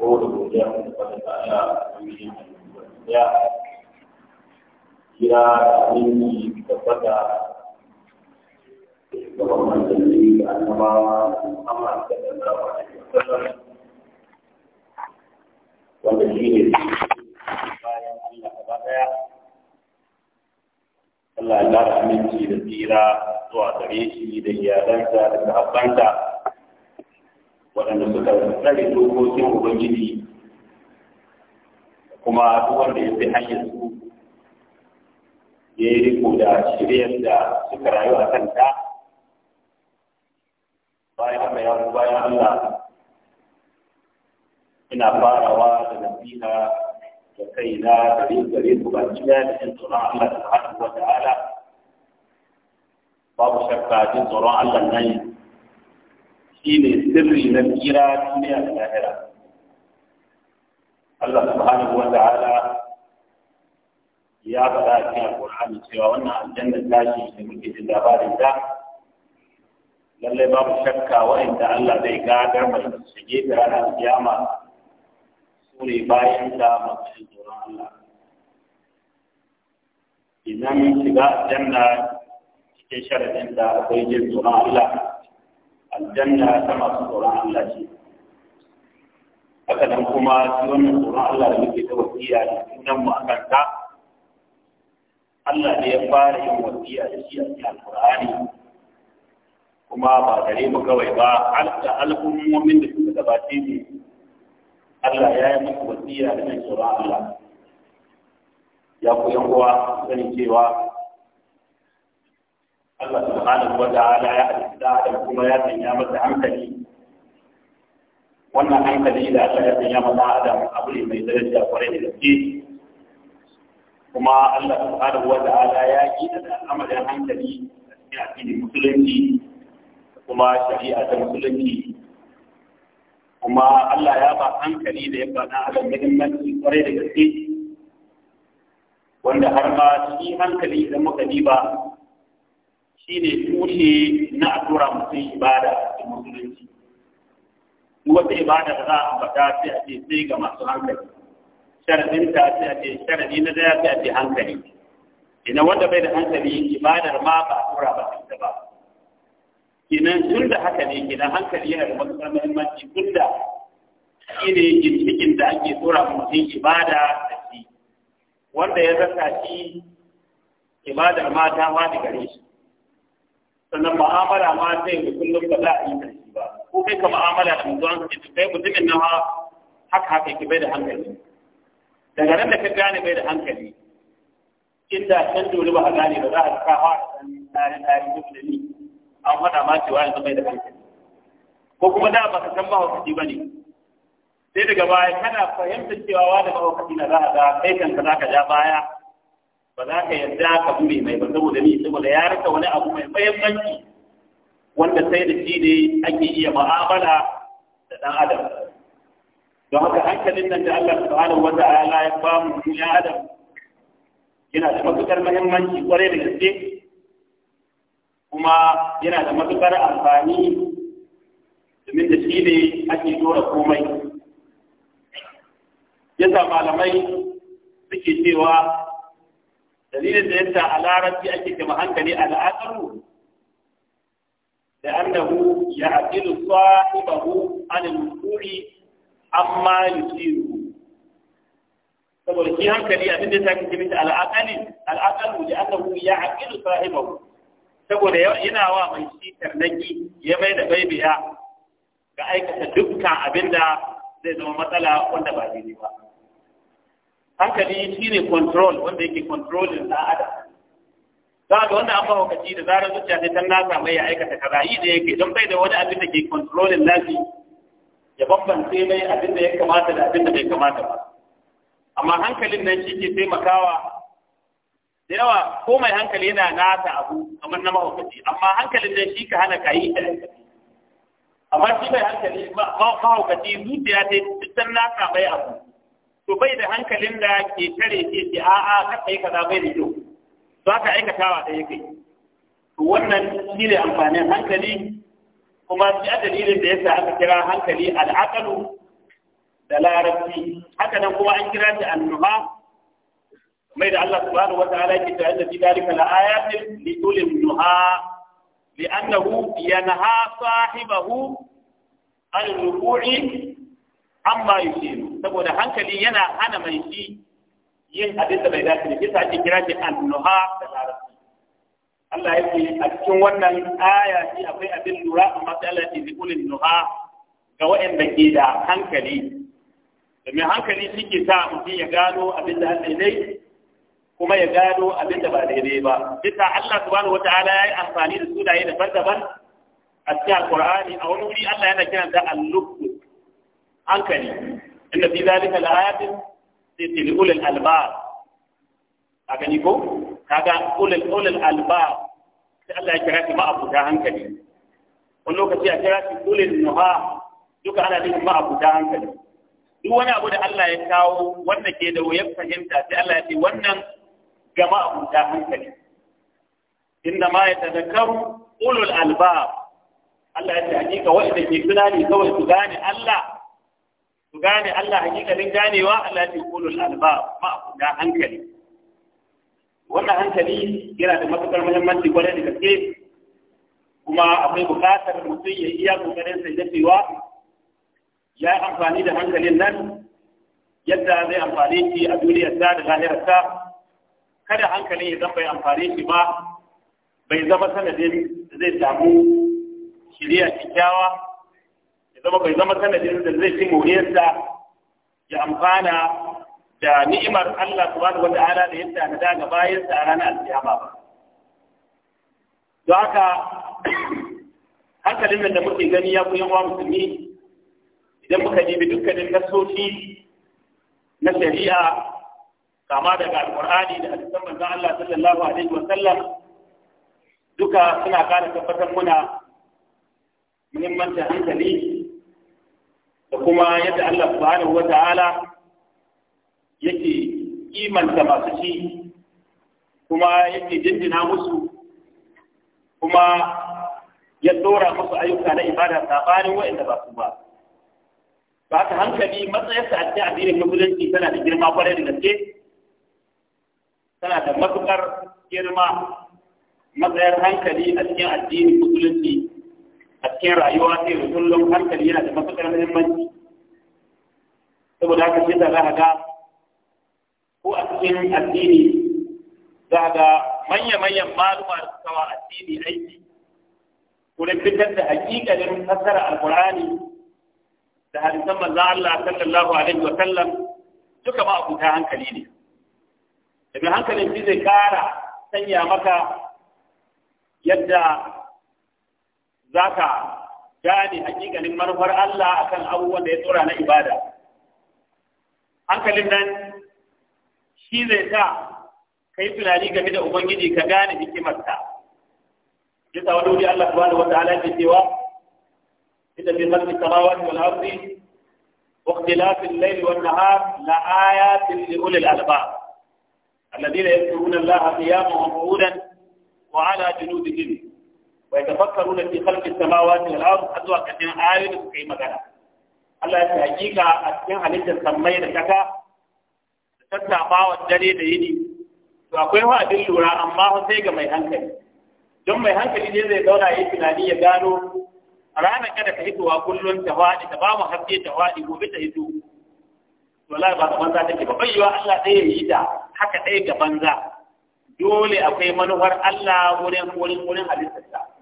ko da godiya mun fara da Allah cikin ya kira ni tabbata da wannan dalili da annabawa Muhammad sallallahu alaihi wasallam wanda shi ne bayan Allah gaba daya Allah ya aminci da tsira zuwa gare shi da iyalansa da sahabbansa waɗanda suka tsare dokokin ubangiji kuma duk wanda ya bi hanyar su ya yi riko da shiryar da suka rayu a kanta bayan haka ya bayan Allah ina farawa da nasiha da kaina gare gare ku ba ciya da jin tsoron Allah subhanahu wa ta'ala babu shakka jin tsoron Allah nan shi ne sirri na tsira duniya da lahira Allah subhanahu wa ta'ala ya faɗa a cikin alƙur'ani cewa wannan aljanna tashi da muke jin labarin da lallai babu shakka wa'inda Allah zai gadar mai shige da ranar kiyama su ne bayan da masu tsoron Allah idan shiga aljanna cikin sharadin da akwai jin tsoron Allah aljanna ta masu tsoron Allah ce haka nan kuma shi wannan tsoron Allah da muke ta wasiya da sunan mu akan ta Allah ne ya fara yin wasiya da shi a cikin alqur'ani kuma ba gare mu kawai ba har da al'ummomin da suka gabace ne Allah ya yi musu wasiya da mai tsoron Allah ya ku yan uwa sani cewa Allah subhanahu wa ta'ala ya halitta da kuma ya sanya masa hankali wannan hankali da Allah ya sanya masa adam abu ne mai daraja kwarai da gaske kuma Allah subhanahu wa ta'ala ya yi da al'amarin hankali a cikin addinin musulunci kuma shari'a ta musulunci kuma Allah ya ba hankali da ya faɗa a muhimmanci kwarai da gaske wanda har ma shi hankali idan muka diba Shi ne tushe na a tura mutum ibada da musulunci wata ibada da za a faɗa sai a ce sai ga masu hankali sharadin ta sai a ce sharadi na daya sai a ce hankali ina wanda bai da hankali ibadar ma ba a tura ba ta ba kenan tun da haka ne kenan hankali yana da matuƙar muhimmanci tun da shi ne ginshikin da ake tura mutum ibada da shi wanda ya rasa shi ibadar ma ma da gare shi sannan ma'amala ma zai da kullum ba za a yi da ba ko kai ka ma'amala da mutuwan ka ce kai mutumin nan ma haka haka yake bai da hankali daga nan da ka gane bai da hankali inda can dole ba a gane ba za a ka hawa da san tare tare duk da ni an faɗa ma cewa yanzu bai da hankali ko kuma da ba ka san mahaukaci ba ne sai daga baya kana fahimtar cewa wani mahaukaci na za a ga kai kanka za ka ja baya ba za ka yarda ka bure mai ba saboda ni saboda ya rika wani abu mai muhimmanci wanda sai da shi ne ake iya mu'amala da dan adam don haka hankalin nan da Allah subhanahu wa ta'ala ya ba mu ya adam yana da matukar muhimmanci kwarai da gaske kuma yana da matukar amfani domin da shi ne ake dora komai yasa malamai suke cewa dalilin da yasa a larabci ake kama hankali al'aqalu da annahu ya'qilu sahibahu an al-wuqi amma yusiru saboda shi hankali abin da ta kake mita al'aqali al'aqalu da annahu ya'qilu sahibahu saboda yana wa mai shi tarnaki ya mai da baibiya ga aikata dukkan abin da zai zama matsala wanda ba daidai ba hankali shine control wanda yake controlin ɗan adam za ga wanda an bawa kaci da zarar zuciya sai tan nasa mai ya aikata kaza yi da yake don bai da wani abin da ke controlin nashi ya bambance mai abin da ya kamata da abin da bai kamata ba amma hankalin nan shi ke taimakawa da yawa ko mai hankali yana nasa abu kamar na mahaukaci amma hankalin nan shi ka hana kayi da amma shi mai hankali mahaukaci zuciya ta tan nasa mai abu to bai da hankalin da ke tare ke ce a'a ka kai kaza bai da kyau to aka aikatawa ɗaya kai to wannan shi amfanin hankali kuma shi dalilin da yasa aka kira hankali al'aqalu da larabci haka nan kuma an kira shi annuha mai da Allah subhanahu wataala yake ta inda fi dalika la ayatin li tulil nuha li'annahu yanha sahibahu an ruku'i amma yusiru saboda hankali yana hana mai shi yin abin da bai dace da kisa ake kira shi annuha da larabci Allah ya ce a cikin wannan aya shi akwai abin lura amma sai Allah ya ce zikulin nuha ga waɗanda ke da hankali domin hankali shi ke sa mutum ya gano abin da Allah dai kuma ya gano abin da ba daidai ba bisa Allah subhanahu wataala ya yi amfani da sunaye daban-daban a cikin alqur'ani a wani wuri Allah yana kiranta al-lubbu hankali inda fi zalika al-ayatin sai til ulul albab a gani ko kaga ulul ulul albab sai Allah ya kira shi ma'abuta hankali wani lokaci a kira shi ulul nuha duka ana nufin ma'abuta hankali duk wani abu da Allah ya kawo wanda ke da wuyar fahimta sai Allah ya ce wannan ga ma'abuta hankali inda ma ya tazakaru ulul albab Allah ya ce hakika wanda ke tunani kawai su gane Allah ku gane Allah hakikalin ganewa Allah ya kulul alba ma ku da hankali wannan hankali yana da matukar muhimmanci kwarai da gaske kuma akwai bukatar mutum ya iya kokarin sai dafewa ya yi amfani da hankalin nan yadda zai amfani shi a ta da lahirarsa kada hankalin ya zama bai amfani shi ba bai zama sanadin zai samu shirya kyakkyawa zama bai zama sanadin da zai fi moriyarsa ya amfana da ni'imar Allah subhanahu wa ta'ala da yadda na daga bayansa a ranar alkiyama ba don haka hankalin da muke gani ya kuyan wa musulmi idan muka nemi dukkanin nasoshi na shari'a kama daga Alƙur'ani da hadisan manzon Allah sallallahu alaihi wa sallam duka suna ƙara tabbatar muna muhimmancin hankali da kuma yadda Allah subhanahu wa ta'ala yake kimanta masu shi kuma yake jinjina musu kuma ya dora musu ayyuka na ibada sabanin wa'inda ba su ba ba ka hankali matsayarsa a cikin addinin musulunci tana da girma kwarai da gaske tana da matukar girma matsayar hankali a cikin addinin musulunci a cikin rayuwa sai da kullum hankali yana da matuƙar muhimmanci saboda haka shi za a ga ko a cikin addini za ga manya-manyan maluma da suka addini aiki wurin fitar da hakikalin fassara alkurani da hadisan manzo Allah sallallahu alaihi wa sallam duka ma abuta hankali ne daga hankalin shi zai kara sanya maka yadda za ka gane hakikalin manufar Allah akan abubuwan da ya tsora na ibada hankalin nan shi zai sa ka yi tunani game da ubangiji ka gane hikimarsa yasa wani wuri Allah wata wataala da cewa inna fi khalqi samawati wal ardi wa ikhtilafi al nahar la ayatin li ulil albab alladhina yadhkuruna Allaha qiyaman wa qu'udan wa 'ala junubihim wa yatafakkaruna fi khalqi samawati wal ardi azwa kadin ayoyin da suka yi magana Allah ya ce hakika a cikin halittar sammai da kasa da tattabawa dare da yini to akwai wa abin lura amma sai ga mai hankali don mai hankali ne zai zauna yi tunani ya gano ranar kada ka hitowa kullum ta waɗi, ta ba mu haske ta waɗi gobe ta hito wallahi ba ta banza take ba bai wa Allah ɗaya yi da, haka ɗaya ga banza dole akwai manuwar Allah wurin wurin wurin halittarsa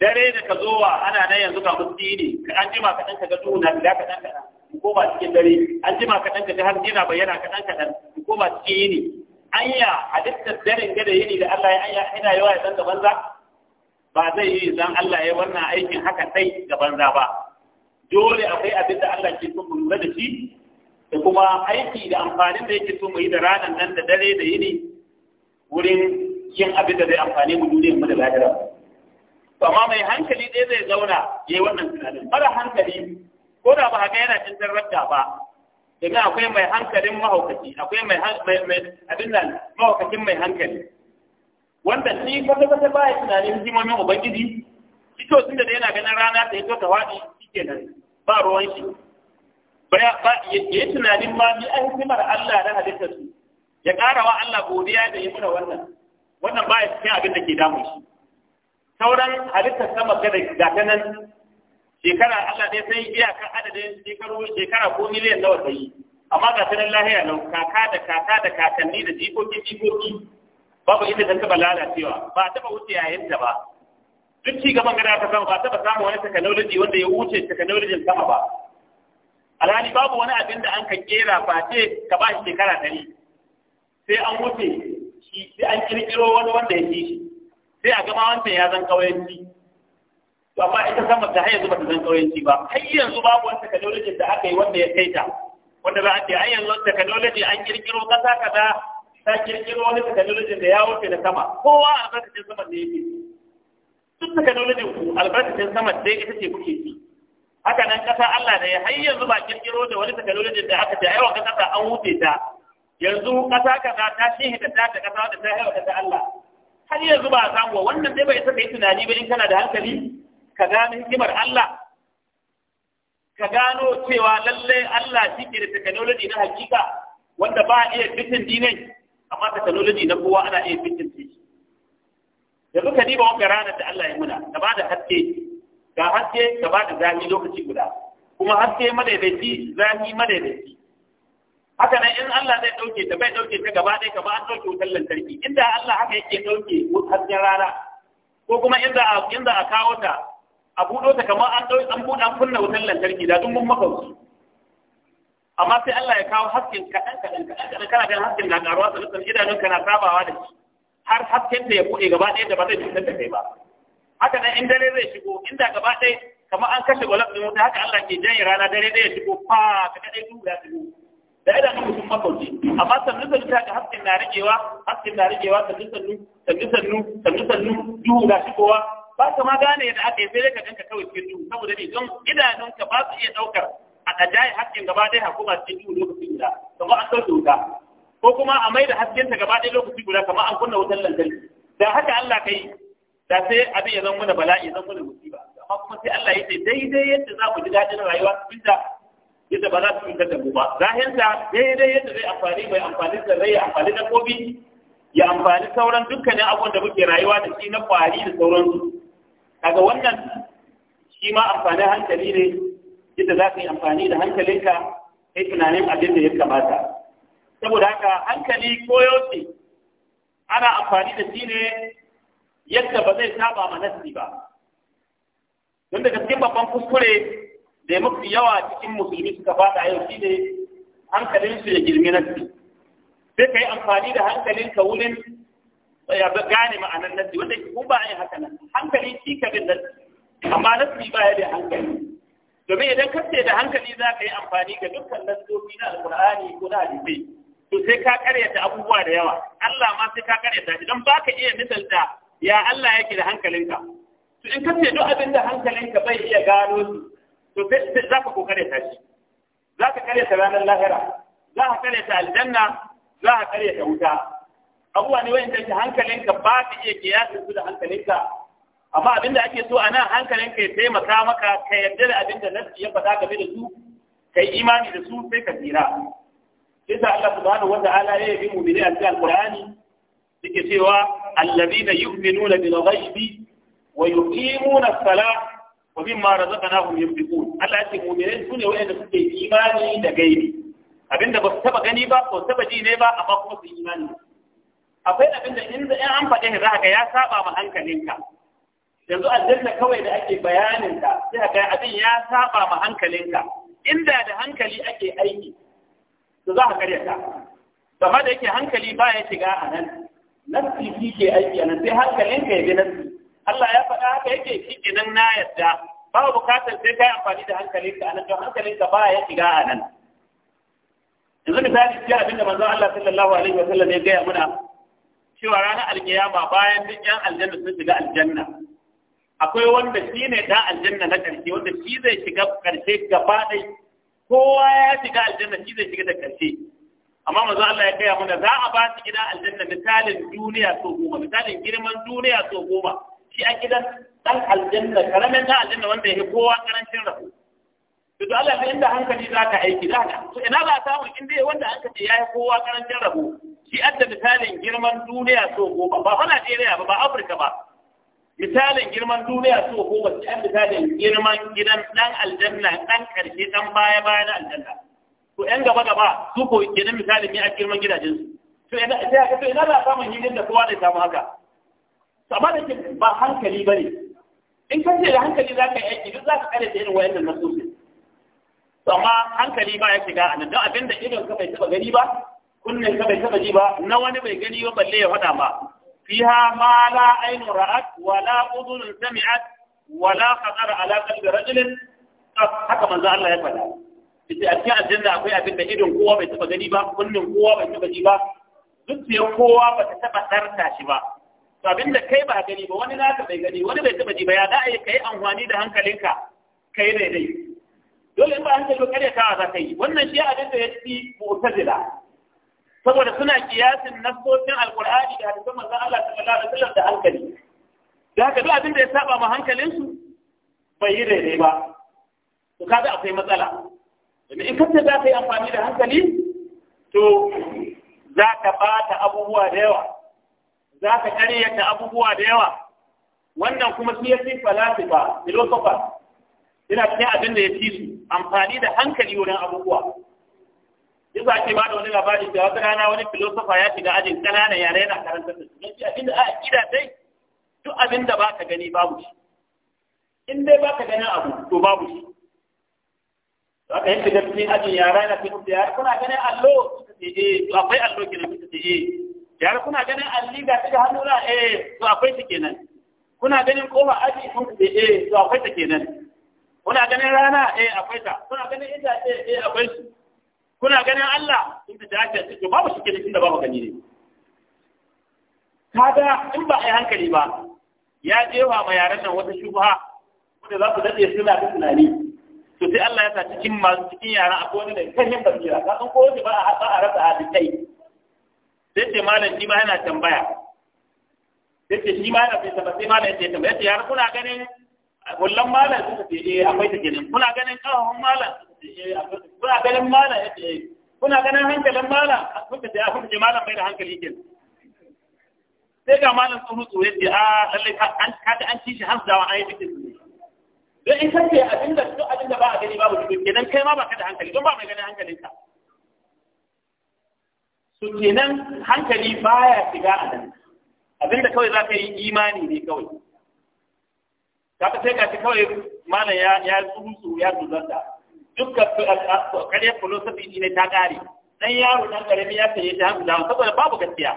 dare da ka zo wa ana nan yanzu ga musti ne ka an jima kaɗan ka ga duhu na gida kaɗan kaɗan ko ba cikin dare an jima kaɗan ka ji har yana bayyana kaɗan kaɗan ko ba cikin yini anya dare daren da yini da Allah ya anya ina yawa ya san banza ba zai yi zan Allah ya wannan aikin haka sai ga banza ba dole akwai abin da Allah ke son mu lura da shi da kuma aiki da amfanin da yake so mu yi da ranar nan da dare da yini wurin yin abin da zai amfani mu duniyar mu da lahirar mu amma mai hankali ɗaya zai zauna ya yi wannan tunanin mara hankali ko da ba haka yana cin zarrata ba domin akwai mai hankalin mahaukaci akwai mai abin nan mahaukacin mai hankali wanda shi kwata kwata ba ya tunanin hikimomin ubangiji shi to da yana ganin rana ta yato ta waɗi shi kenan ba ruwan shi ya yi tunanin ma ni an himar Allah na halittarsu. ya ƙara wa Allah godiya da ya muna wannan wannan ba ya cikin abin da ke damun shi sauran halittar sama ga da nan shekara Allah ne sai iyakar adadin shekaru shekara ko miliyan nawa ta yi amma ga tanan nan lahiya nan, kaka da kaka da kakanni da jikoki jikoki babu inda ta taba lalacewa ba taba wuce ta ba duk ci gaban gada ta sama ba taba samun wani technology wanda ya wuce technology sama ba alhali babu wani abin da an ka kera face ka ba shi shekara ɗari sai an wuce shi sai an kirkiro wani wanda ya ci shi sai a gama wancan ya zan kawayanci to amma ita sama ta har zuba ba ta zan kawayanci ba har yanzu babu wani technology da aka yi wanda ya kai ta wanda za a ce har yanzu technology an kirkiro kasa kaza ta kirkiro wani technology da ya wuce da sama kowa albarkacin sama ne yake duk technology ku albarkacin sama dai ita ce kuke ci haka nan kasa Allah ne har yanzu ba kirkiro da wani technology da aka ce ai kasa an wuce ta yanzu kasa kaza ta shi da ta kasa da ta haifa ta Allah har yanzu ba a samu wannan dai bai saka yi tunani ba in kana da hankali ka gano hikimar Allah ka gano cewa lallai Allah shi ke da technology na hakika wanda ba a iya bitin dinai amma technology na kowa ana iya bitin shi yanzu ka diba wanga ranar da Allah ya muna ka ba da haske ga haske ka ba da zafi lokaci guda kuma haske madaidaici zafi madaidaici haka nan in Allah zai dauke ta bai dauke ta gaba ɗaya gaba an dauke wutar lantarki inda Allah haka yake dauke hasken rana ko kuma inda a inda a kawo ta a buɗo ta kamar an dauke an buɗe an kunna wutar lantarki da dun mun amma sai Allah ya kawo hasken kaɗan kaɗan kaɗan kaɗan kana ganin hasken na ƙaruwa da nufin idanun kana sabawa da shi har hasken da ya buɗe gaba ɗaya da ba zai cutar da kai ba haka nan in dare zai shigo inda gaba ɗaya kamar an kashe gwalab ɗin wuta haka Allah ke janye rana dare ya shigo fa ka kaɗai duhu da shigo da ida ka mutum makauci amma sannu sannu ta ga hasken na ragewa hasken na ragewa sannu sannu sannu sannu sannu sannu duhu ga shi kowa ba ka ma gane yadda aka yi sai dai ka ganka kawai cikin duhu saboda ne don idanunka ba su iya ɗaukar a ɗajaye hasken gaba ɗaya hukuma cikin duhu lokaci guda kamar an ɗauke wuta ko kuma a maida da haskenta gaba ɗaya lokaci guda kamar an kunna wutar lantarki da haka Allah kai da sai abin ya zama mana bala'i zama mana musiba amma kuma sai Allah ya ce daidai yadda za mu ji daɗin rayuwa cikin da yadda ba za su cutar da mu ba zahinta daidai yadda zai amfani mai amfani da rai amfani da kobi ya amfani sauran dukkanin abubuwan da muke rayuwa da shi na kwari da sauransu kaga wannan shi ma amfanin hankali ne yadda za ka yi amfani da hankalinka yi tunanin abin da ya kamata saboda haka hankali koyaushe ana amfani da shi ne yadda ba zai saba ma nasi ba don daga cikin babban kuskure da mafi yawa cikin musulmi suka fada yau shi ne hankalinsu ya girmi su. sai ka yi amfani da hankalin ka wurin eh, ya gane ma'anar nasi wanda ku ba a yi haka nan hankali shi ka bin nasi amma nasi ba ya da hankali domin idan ka ce da hankali za ka yi amfani ga dukkan nasofi na alkur'ani ko na hadisai to sai ka karyata abubuwa da yawa Allah ma sai ka karyata idan don baka iya misalta ya Allah yake da hankalinka to in ka ce duk abin da hankalinka bai iya gano su to sai za ka kokare ta shi za ka kare ta ranar lahira za ka kare ta aljanna za ka kare ta wuta abubuwa ne wayan hankalin hankalinka ba ka iya kiyasin su da hankalinka amma abinda ake so a nan hankalinka ya taimaka maka ka yarda da abinda nasi ya faɗa game da su ka yi imani da su sai ka tsira sai Allah subhanahu wa ta'ala ya yi mu'mini a cikin alqur'ani yake cewa allazina yu'minuna bil ghaibi wa yuqimuna as-salata wa mimma razaqnahum yunfiqun Allah ya ce mu'minai sune wanda suke imani da gaibi abinda ba su taba gani ba ko taba ji ne ba amma kuma su imani akwai abinda in in an faɗe shi zaka ya saba ma hankalinka yanzu aljanna kawai da ake bayanin ta sai ka abin ya saba ma hankalinka inda da hankali ake aiki to za ka karyata kamar da yake hankali ba shiga a nan nafsi ke aiki a nan sai hankalinka ya bi nafsi Allah ya faɗa haka yake shi kenan na yadda ba bukatar sai kai amfani da hankalinka anan don hankalinka ba ya shiga a nan yanzu misali ya abin da manzon Allah sallallahu alaihi wa sallam ya gaya muna cewa ranar alkiyama bayan duk yan aljanna sun shiga aljanna akwai wanda shi ne aljanna na ƙarshe wanda shi zai shiga ƙarshe gaba ɗai kowa ya shiga aljanna shi zai shiga da ƙarshe amma manzon Allah ya gaya muna za a ba su gidan aljanna misalin duniya so goma misalin girman duniya so goma shi a gidan dan aljanna karamin dan aljanna wanda ya kowa karancin rabo to to Allah inda hankali za ka aiki da haka to ina ba samu in wanda aka ce yayi kowa karancin rabo shi adda misalin girman duniya so goma ba fa Najeriya ba ba Afirka ba misalin girman duniya so goma ta misalin girman gidan dan aljanna dan karshe dan baya baya na aljanna to yan gaba gaba su ko kenan misalin ne a girman gidajen su to ina za ka to ina ba samun hidin da kowa da samu haka amma da ke ba hankali ba ne in ka ce da hankali za ka yi aiki duk za ka kare da irin wayannan nasosi to amma hankali ba ya shiga a nan don abin da idon ka bai taba gani ba kunnen ka bai taba ji ba na wani bai gani ba balle ya faɗa ba fiha ma la ainu ra'at wa la udhun sami'at wa la khatar ala qalbi rajulin haka manzo Allah ya faɗa ita a cikin aljanna akwai abin da idon kowa bai taba gani ba kunnen kowa bai taba ji ba zuciyar kowa ba ta taba tarta shi ba to abinda kai ba gani ba wani naka bai gani wani bai taba ji ba ya da ai kai amfani da hankalinka kai daidai dole in ba hankali ba kare tawa za ka yi wannan shi abin da ya ci mu'tazila saboda suna kiyasin nassosin alqur'ani da hadisan manzon Allah sallallahu alaihi wasallam da hankali da haka duk abin da ya saba ma hankalinsu bai yi daidai ba to kaga akwai matsala domin in kace za ka yi amfani da hankali to za ka bata abubuwa da yawa za ka karyata abubuwa da yawa wannan kuma su ya fi falasifa filosofa ina cikin abin da ya ci su amfani da hankali wurin abubuwa za ke ba da wani labari da wata rana wani filosofa ya shiga ajin ƙananan yare yana karanta da su abin da a kira dai duk abin da ba ka gani babu shi in dai ba ka ganin abu to babu shi za ka yi shiga cikin ajin yara yana cikin da yara kuna ganin allo suka ce eh akwai allo kenan suka ce eh yar kuna ganin alliga ta hannu na eh to akwai ta kenan kuna ganin kowa aji kun da eh to akwai ta kenan kuna ganin rana eh akwai ta kuna ganin ita eh eh akwai su kuna ganin Allah in da dace to babu shi kenan tunda babu gani ne kaga in ba a yi hankali ba ya jewa ma yaran nan wata shubha wanda za su dade suna da tunani to sai Allah ya sa cikin masu cikin yaran akwai wani da kan yin basira ka san ko ba a ba a rasa hadin kai sai malam shi ma yana tambaya sai shi ma yana bai tambaya sai malam ya tambaya ce yar kuna ganin wallan malam suka ce eh akwai ta kenan kuna ganin kawon malam suka ce eh akwai kuna ganin malam ya ce eh. kuna ganin hankalin malam suka ce akwai ah, ce malam bai da hankali kenan sai ga malam tsoro tsoro yace a ah, lalle an kada an ci shi har zawa an yi bikin don in kace abinda duk abinda ba a gani babu shi kenan kai ma ba ka da hankali don ba mai ganin hankalinka to kenan hankali baya shiga a nan abinda kawai za ka yi imani ne kawai ta sai ka ci kawai malam ya ya tsuntsu ya tsuzanta dukkan kare filosofi ne ta kare dan yaro dan karami ya saye ta hannu saboda babu gaskiya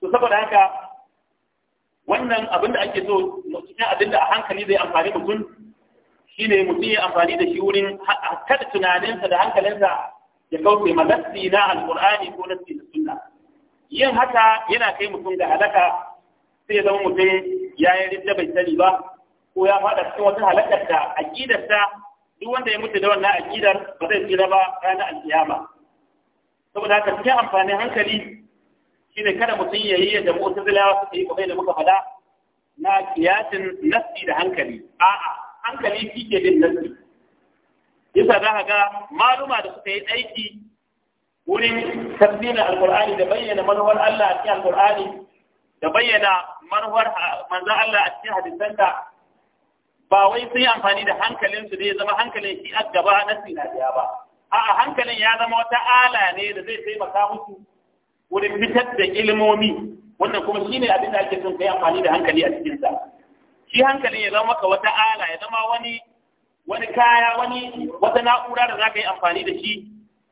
to saboda haka wannan abin ake so cikin abinda a hankali zai amfani mutum shine mutum ya amfani da shi wurin kada tunaninsa da hankalinsa ya kauce ma nafsi na Alƙur'ani ko nafsi na sunna yin haka yana kai mutum ga halaka sai zama mutum ya yi rinda bai sani ba ko ya faɗa cikin wata halakar da aƙidarsa duk wanda ya mutu da wannan aƙidar ba zai tsira ba ranar alƙiyama saboda haka cikin amfanin hankali shine kada mutum ya yi yadda mu'tazilawa suka yi kamar da muka faɗa na kiyasin nafsi da hankali a'a hankali shi ke bin nafsi yasa za ka ga maluma da suka yi aiki wurin tafsirin alkur'ani da bayyana manufar Allah a cikin alqur'ani da bayyana manufar manzon Allah a cikin hadisan ba wai sun yi amfani da hankalin su ya zama hankalin shi a gaba na sinadiya ba a'a hankalin ya zama wata ala ne da zai taimaka musu wurin fitar da ilimomi wannan kuma ne abin da ake son kai amfani da hankali a cikin sa shi hankalin ya zama ka wata ala ya zama wani wani kaya wani wata na'ura da za ka yi amfani da shi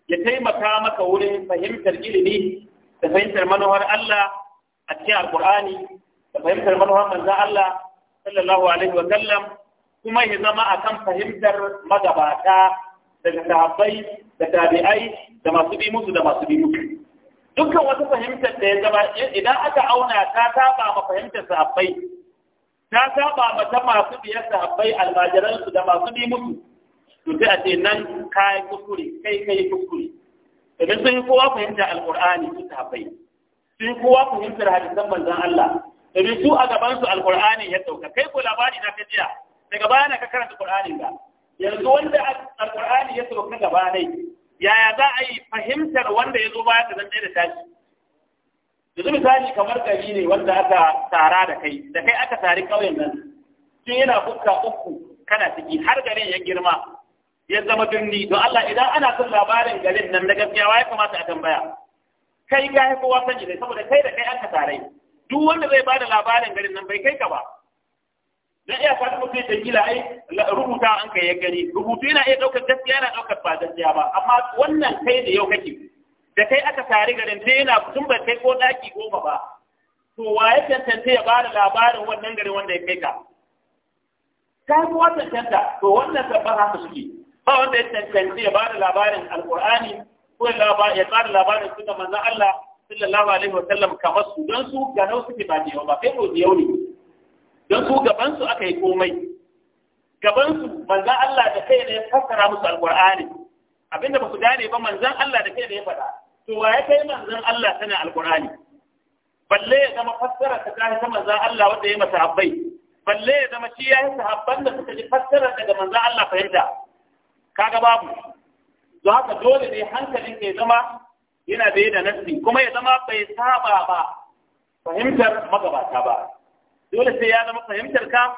ya taimaka maka wurin fahimtar ilimi da fahimtar manuwar Allah a cikin alkur'ani da fahimtar manuwar manzan Allah sallallahu alaihi wa sallam kuma ya zama akan fahimtar magabata daga sahabbai da tabi'ai da masu bi musu da masu bi musu dukkan wata fahimtar da ya zama idan aka auna ta saba ma fahimtar sahabbai ta saba mata masu biyar sahabbai almajiransu da masu bi mutu. to sai a ce nan kai kuskure kai kai kuskure domin sun yi kowa fahimta alqur'ani su bai sun yi kowa fahimtar hadisan manzon Allah domin su a gaban su alqur'ani ya dauka kai ko labari na ka jiya daga baya na ka karanta qur'anin ga yanzu wanda alqur'ani ya dauka gaba ne yaya za a yi fahimtar wanda ya zo baya ta zan da tashi yanzu misali kamar gari ne wanda aka tara da kai da kai aka tari ƙauyen nan tun yana fuska uku kana ciki har garin ya girma ya zama birni don Allah idan ana son labarin garin nan na gaskiya ya kamata a tambaya kai ga ya kowa sani ne saboda kai da kai aka tare duk wanda zai ba da labarin garin nan bai kai ka ba dan iya faɗi mutum da kila ai rubuta an kai ya gani rubutu yana iya ɗaukar gaskiya yana ɗaukar ba gaskiya ba amma wannan kai da yau kake da kai aka tare garin sai yana tun ba kai ko daki goma ba to wa ya tantance ya bada labarin wannan garin wanda ya kai ka ka yi kuwa tantanta to wannan tabbar haka suke ba wanda ya tantance ya bada labarin alqur'ani ko ya bada labarin suna manzan Allah sallallahu alaihi wa sallam kamar su don su ga nau suke ba ba kai ko yau ne don su gaban su aka yi komai gaban su Allah da kai ne ya fassara musu alqur'ani abinda ba su gane ba Manzan Allah da kai ne ya faɗa to wa ya kai manzon Allah sanin alqur'ani balle ya zama fassara ta kai ta manzon Allah wanda ya masa habbai balle ya zama shi ya yi sahabban da suka ji fassara daga manzon Allah fahimta kaga babu To haka dole ne hankalin ya zama yana da yana nasi kuma ya zama bai saba ba fahimtar magabata ba dole sai ya zama fahimtar ka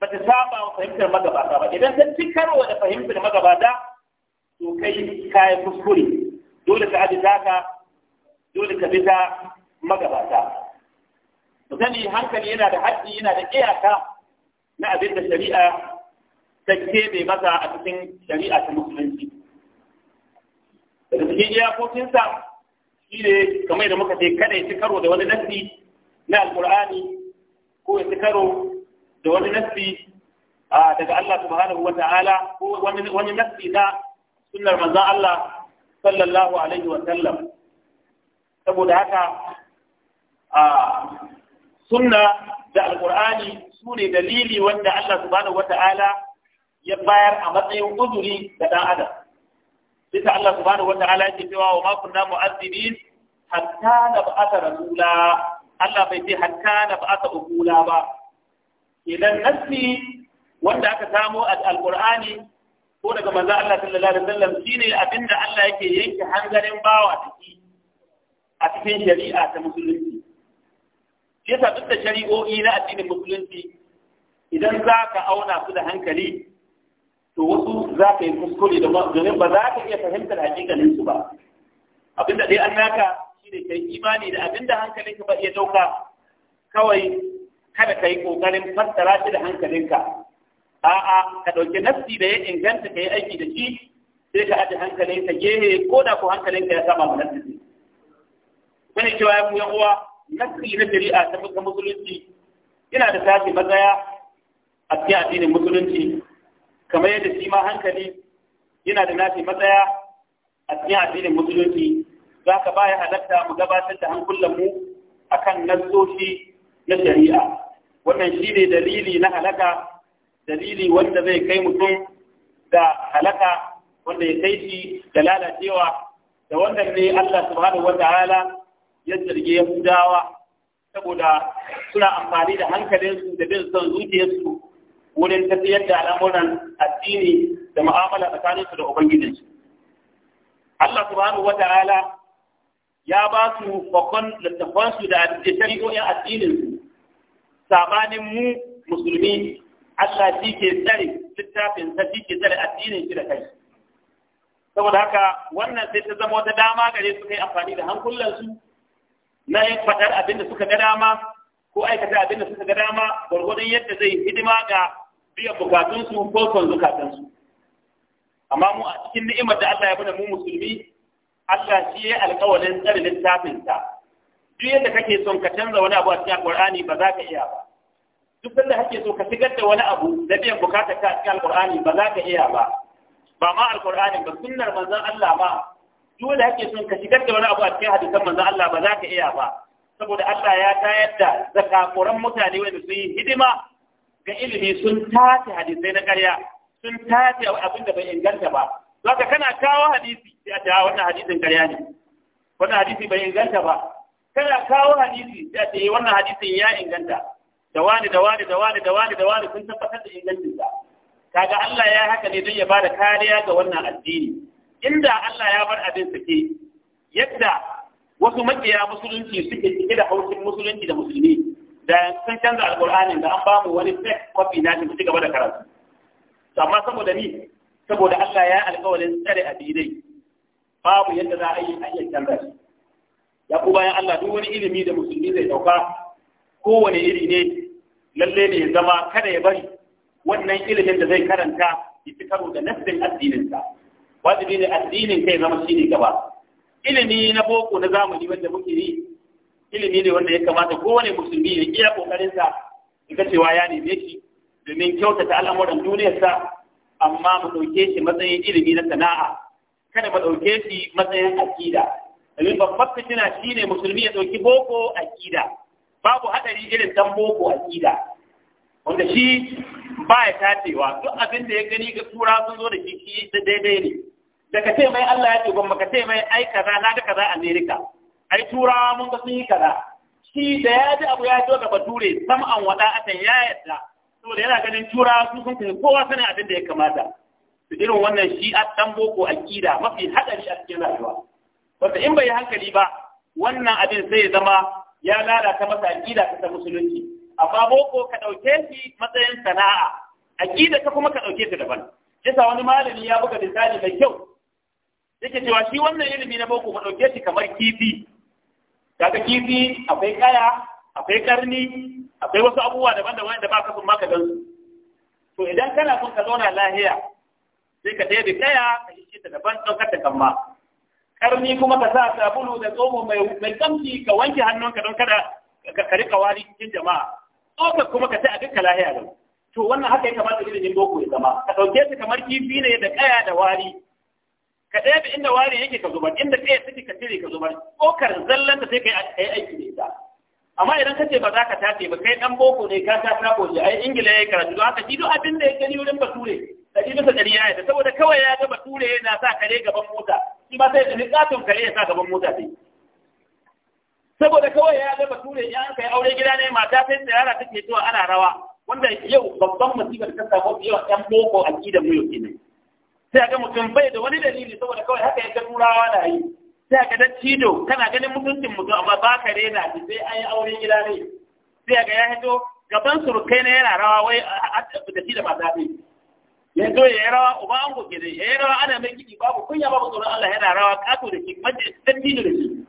ba ta saba wa fahimtar magabata ba idan ka ci karo da fahimtar magabata to kai kayan kuskure dole ka aji taka dole ka bi ta magabata mu sani hankali yana da haɗɗi, yana da iyaka na abin da shari'a ta keɓe masa a cikin shari'a ta musulunci Da cikin iyakokinsa shi ne kamar da muka ce kada ya ci karo da wani nassi na alkur'ani ko ya ci karo da wani nassi daga Allah subhanahu wa ta'ala ko wani nassi na sunnar manzon Allah sallallahu alaihi wa sallam saboda haka a sunna da alqur'ani su ne dalili wanda Allah subhanahu wata'ala ya bayar a matsayin uzuri ga dan adam bisa Allah subhanahu wata'ala yake cewa wa ma kunna mu'azzibin hatta nab'atha rasula Allah bai ce hatta nab'atha ukula ba idan nasi wanda aka samo a alqur'ani ko daga manzo Allah sallallahu alaihi wasallam shine abinda Allah yake yanke hangarin bawa ciki a cikin shari'a ta musulunci shi yasa duk da shari'o'i na addinin musulunci idan za ka auna su da hankali to wasu za ka yi kuskure da domin ba za ka iya fahimtar hakikalin su ba abinda dai an naka shine kai imani da abinda hankalinka ba iya dauka kawai kada ka yi kokarin fassara shi da hankalinka a'a ka ɗauki nafsi da ya inganta ka yi aiki da shi sai ka aje hankalin ka gehe ko da ko hankalin ka ya saba mu nafsi bane cewa ya uwa nafsi na shari'a ta fuska musulunci yana da tashi matsaya a cikin addinin musulunci kamar yadda shi ma hankali yana da nafi matsaya a cikin addinin musulunci za ka baya halatta mu gabatar da hankulan mu akan nassoshi na shari'a wannan shine dalili na halaka dalili wanda zai kai mutum da halaka wanda ya kai shi da lalacewa da wannan ne Allah subhanahu wa ta'ala ya zarge Yahudawa saboda suna amfani da hankalinsu da bin son zuciyarsu wurin tafiyar da al'amuran addini da mu'amala tsakaninsu da ubangijinsu Allah subhanahu wa ta'ala ya ba su bakon littafansu da shari'o'in addinin sabanin mu musulmi Allah shi ke tsare littafin sa shi ke tsare addinin shi da kai saboda haka wannan sai ta zama wata dama gare su kai amfani da hankulansu na yin faɗar abin suka ga dama ko aikata abinda suka ga dama gwargwadon yadda zai hidima ga biyan bukatunsu ko son zukatansu amma mu a cikin ni'imar da Allah ya bada mu musulmi Allah shi ya alƙawarin tsare littafinsa duk yadda kake son ka canza wani abu a cikin Qur'ani ba za ka iya ba duk sanda kake so ka shigar da wani abu da biyan bukatar ka cikin alqur'ani ba za ka iya ba ba ma alqur'ani ba sunnar manzon Allah ba duk da kake so ka shigar da wani abu a cikin hadisan manzon Allah ba za ka iya ba saboda Allah ya tayar da zakakuran mutane wanda sun yi hidima ga ilimi sun tace hadisai na ƙarya sun tace abin da bai inganta ba ka kana kawo hadisi sai a ce ah, wannan hadisin ƙarya ne wannan hadisi bai inganta ba kana kawo hadisi sai a ce eh, wannan hadisin ya inganta da wani da wani da wani da wani da wani sun tabbatar da ingancin sa kaga Allah ya haka ne don ya bada kariya ga wannan addini inda Allah ya bar abin sake yadda wasu makiya musulunci suke cike da haushin musulunci da musulmi da sun canza alƙur'anin da an bamu wani fake copy na shi ci gaba da karatu amma saboda ni saboda Allah ya alƙawarin tsare addinai babu yadda za a yi a iya canza shi ya ku bayan Allah duk wani ilimi da musulmi zai dauka kowane iri ne lalle ne zama kada ya bari wannan ilimin da zai karanta ya fi karo da nassin addininsa wajibi ne addinin kai zama shi ne gaba ilimi na boko na zamani wanda muke yi ilimi ne wanda ya kamata kowane musulmi ya iya kokarinsa ita cewa ya neme shi domin kyautata al'amuran duniyarsa amma mu ɗauke shi matsayin ilimi na sana'a kada mu ɗauke shi matsayin aƙida domin babbar fitina shi ne musulmi ya ɗauki boko aƙida babu hadari irin dan boko ƙida. wanda shi ba ya tacewa duk abin da ya gani ga tura sun zo da shi da daidai ne daga ce mai Allah ya ce gwamma ka ce mai ai kaza na ga kaza America ai turawa mun ga sun yi kaza shi da ya ji abu ya zo bature sam an wada atan ya yadda saboda yana ganin turawa su sun kai kowa sanin abin da ya kamata to irin wannan shi a dan boko aqida mafi hadari a cikin rayuwa wanda in bai hankali ba wannan abin sai ya zama ya lalata masa aƙida ta musulunci amma boko ka ɗauke shi matsayin sana'a aƙida ta kuma ka ɗauke ta daban Kisa wani malami ya buga misali mai kyau yake cewa shi wannan ilimi na boko ka ɗauke shi kamar kifi kaga kifi akwai kaya akwai karni akwai wasu abubuwa daban-daban da ba ka son ka gansu to idan kana son ka zauna lahiya sai ka daidai kaya ka shi ta daban don ka ta kamma karni kuma ka sa sabulu da tsomo mai mai kamci ka wanke hannunka don kada ka rika wari cikin jama'a tsoka kuma ka sai a duka lahiya da to wannan haka ya kamata ilimin boko ya zama ka dauke shi kamar kifi ne da kaya da wari ka ɗebe inda wari yake ka zubar inda kaya take ka tire ka zubar tsokar zallanta sai ka yi aiki da ita amma idan ka ce ba za ka tace ba kai dan boko ne ka ta tsako shi ai ingila ya karatu don haka shi duk abin da ya gani wurin bature da shi bisa ɗari ya saboda kawai ya ga bature yana sa kare gaban mota ba ma sai da nikatun kare ya sa gaban mota sai saboda kawai ya ga bature ya an kai aure gida ne mata sai yara take zuwa ana rawa wanda yau babban musibar ta samu yau ɗan boko a gidan mu yake ne sai ga mutum bai da wani dalili saboda kawai haka ya ga turawa na yi sai ga cido kana ganin mutuncin mutum amma ba ka rena shi sai an yi aure gida ne sai ga ya hito gaban surukai na yana rawa wai da shi da mata sai ya ya yi rawa uba an goke da ya yi rawa ana mai kiɗi babu kunya babu tsoron Allah yana rawa kato da ke mace tattin da shi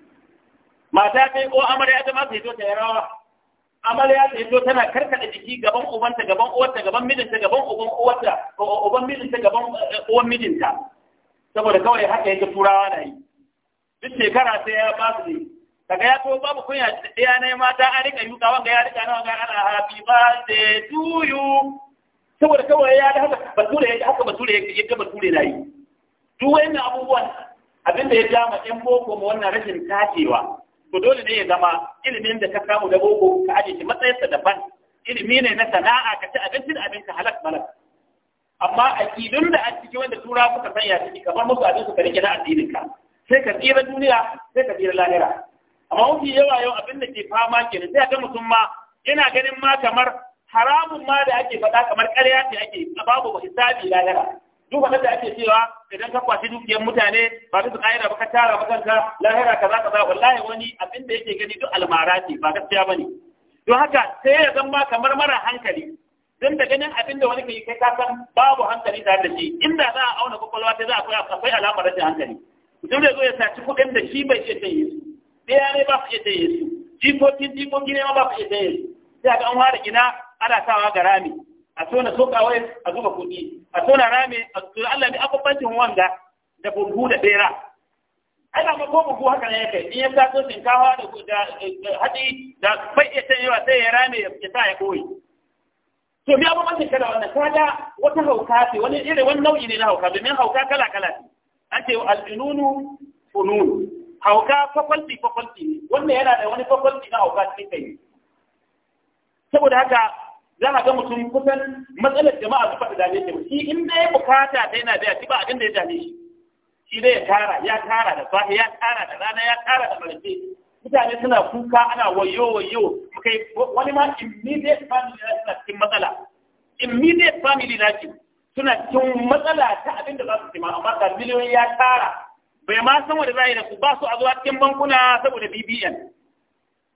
mata kai ko amarya ya zama sai zo ta yi rawa amarya ta zo tana karkada jiki gaban ubanta gaban uwarta gaban mijinta gaban uban uwarta uban mijinta gaban eh, uwan mijinta saboda kawai haka yake turawa na yi duk shekara sai ya ba su ne daga ya to babu kunya da ya mata a rika yuka wanga ya rika nawa wanga ana happy birthday to you saboda kawai ya da haka bature ya ga haka bature ya ga bature na yi duk wayannan abubuwan abin da ya ja ma ɗan boko ma wannan rashin tacewa to dole ne ya zama ilimin da ka samu da boko ka aje shi matsayinsa daban ilimi ne na sana'a ka ci abincin abin ka halak malak amma a aƙidun da a ciki wanda tura suka sanya ciki kamar musu abin su ka rike na addinin ka sai ka tsira duniya sai ka tsira lahira amma mafi yawa yau abin da ke fama kenan sai a ga mutum ma yana ganin ma kamar haramun ma da ake faɗa kamar ƙarya ce ake babu hisabi lahira duk wanda ake cewa idan ka kwashi dukiyar mutane ba bisa ƙa'ida ba ka tara ba kanka lahira kaza kaza wallahi wani abin da yake gani duk almara ce ba gaskiya bane don haka sai ya zama kamar mara hankali don da ganin abin da wani kai kai ka san babu hankali tare da shi inda za a auna kwakwalwa sai za a akwai alamar rashin hankali mutum zai zo ya saci kuɗin da shi bai iya sanye su ɗaya ne ba su iya sanye su jikokin jikokin ne ma ba su iya sanye su sai ga an ware gina ana sawa ga rami a na soka wai a zuba kudi. a na rami a so Allah ne akwabancin wanda da bugu da bera ana ma ko bugu haka ne yake in ya taso shinkawa da hadi da bai iya sanyewa sai ya rame ya sa ya koyi to biya ba mace kada wannan kada wata hauka ce wani irin wani nau'i ne na hauka domin hauka kala kala ce ce al-jununu fununu hauka faculty faculty wannan yana da wani faculty na hauka cikin kai saboda haka za a ga mutum kusan matsalar jama'a su faɗi dame shi shi in dai bukata ta yana biya shi ba abin da ya dame shi shi dai ya tara ya tara da safe ya tara da rana ya tara da marfe mutane suna kuka ana wayo wayo kai wani ma immediate family na suna cikin matsala immediate family na ce suna cikin matsala ta abin da za su cima amma ga miliyoyi ya tara bai ma san wanda za yi da su ba su a zuwa cikin bankuna saboda bbn